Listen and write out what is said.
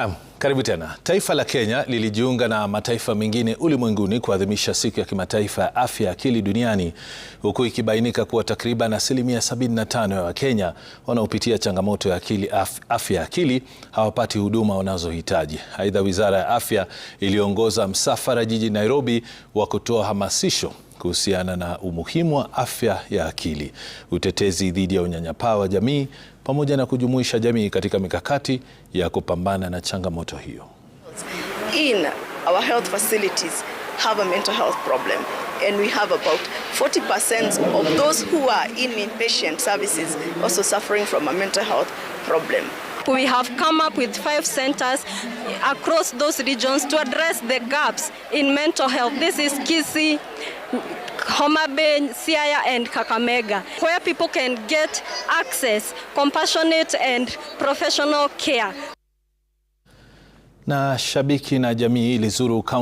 Naam, karibu tena. Taifa la Kenya lilijiunga na mataifa mengine ulimwenguni kuadhimisha siku ya kimataifa ya afya ya akili duniani huku ikibainika kuwa takriban asilimia 75 ya Wakenya wanaopitia changamoto ya akili af, afya ya akili hawapati huduma wanazohitaji. Aidha, wizara ya afya iliongoza msafara jijini Nairobi wa kutoa hamasisho kuhusiana na umuhimu wa afya ya akili, utetezi dhidi ya unyanyapaa wa jamii, pamoja na kujumuisha jamii katika mikakati ya kupambana na changamoto hiyo. In our health facilities have a mental health problem and we have about 40% of those who are in inpatient services also suffering from a mental health problem. We have come up with five centers across those regions to address the gaps in mental health. This is Kisii, Homa Bay, Siaya and Kakamega where people can get access, compassionate and professional care. Na shabiki na jamii ilizuru kaunti